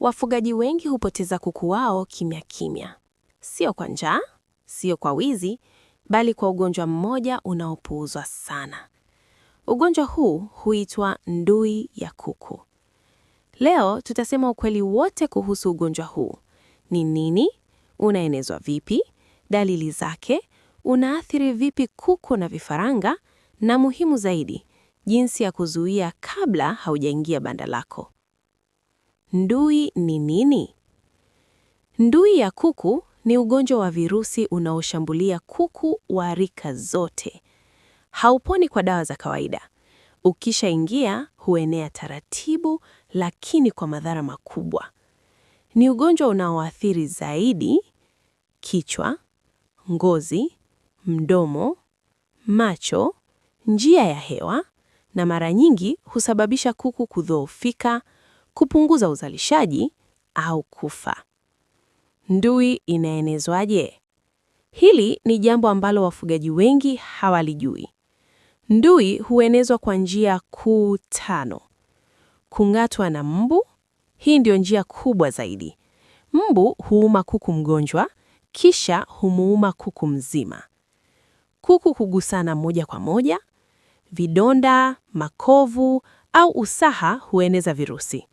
Wafugaji wengi hupoteza kuku wao kimya kimya, sio kwa njaa, sio kwa wizi, bali kwa ugonjwa mmoja unaopuuzwa sana. Ugonjwa huu huitwa ndui ya kuku. Leo tutasema ukweli wote kuhusu ugonjwa huu: ni nini, unaenezwa vipi, dalili zake, unaathiri vipi kuku na vifaranga, na muhimu zaidi, jinsi ya kuzuia kabla haujaingia banda lako. Ndui ni nini? Ndui ya kuku ni ugonjwa wa virusi unaoshambulia kuku wa rika zote. Hauponi kwa dawa za kawaida. Ukishaingia huenea taratibu, lakini kwa madhara makubwa. Ni ugonjwa unaoathiri zaidi kichwa, ngozi, mdomo, macho, njia ya hewa na mara nyingi husababisha kuku kudhoofika kupunguza uzalishaji au kufa. Ndui inaenezwaje? Hili ni jambo ambalo wafugaji wengi hawalijui. Ndui huenezwa kwa njia kuu tano. Kung'atwa na mbu, hii ndio njia kubwa zaidi. Mbu huuma kuku mgonjwa, kisha humuuma kuku mzima. Kuku kugusana moja kwa moja, vidonda, makovu au usaha hueneza virusi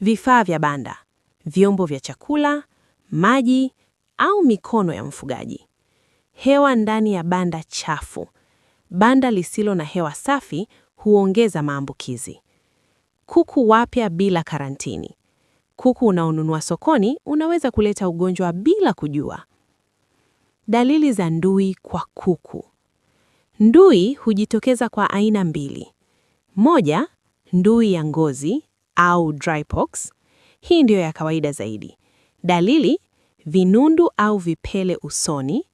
vifaa vya banda, vyombo vya chakula, maji au mikono ya mfugaji. Hewa ndani ya banda chafu. Banda lisilo na hewa safi huongeza maambukizi. Kuku wapya bila karantini. Kuku unaonunua sokoni unaweza kuleta ugonjwa bila kujua. Dalili za ndui kwa kuku. Ndui hujitokeza kwa aina mbili. Moja, ndui ya ngozi au dry pox. Hii ndiyo ya kawaida zaidi. Dalili: vinundu au vipele usoni,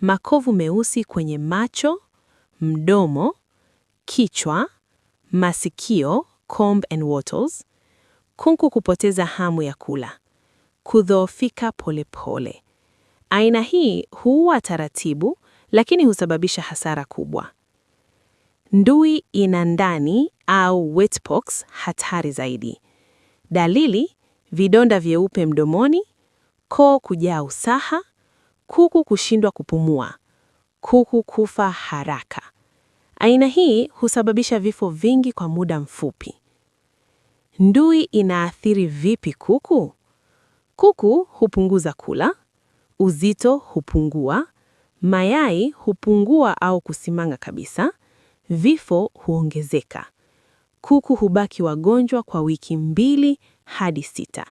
makovu meusi kwenye macho, mdomo, kichwa, masikio comb and wattles, kunku kupoteza hamu ya kula, kudhoofika polepole. Aina hii huua taratibu, lakini husababisha hasara kubwa. Ndui ina ndani au wetpox hatari zaidi. Dalili: vidonda vyeupe mdomoni, koo kujaa usaha, kuku kushindwa kupumua, kuku kufa haraka. Aina hii husababisha vifo vingi kwa muda mfupi. Ndui inaathiri vipi kuku? Kuku hupunguza kula, uzito hupungua, mayai hupungua au kusimanga kabisa, vifo huongezeka. Kuku hubaki wagonjwa kwa wiki mbili hadi sita.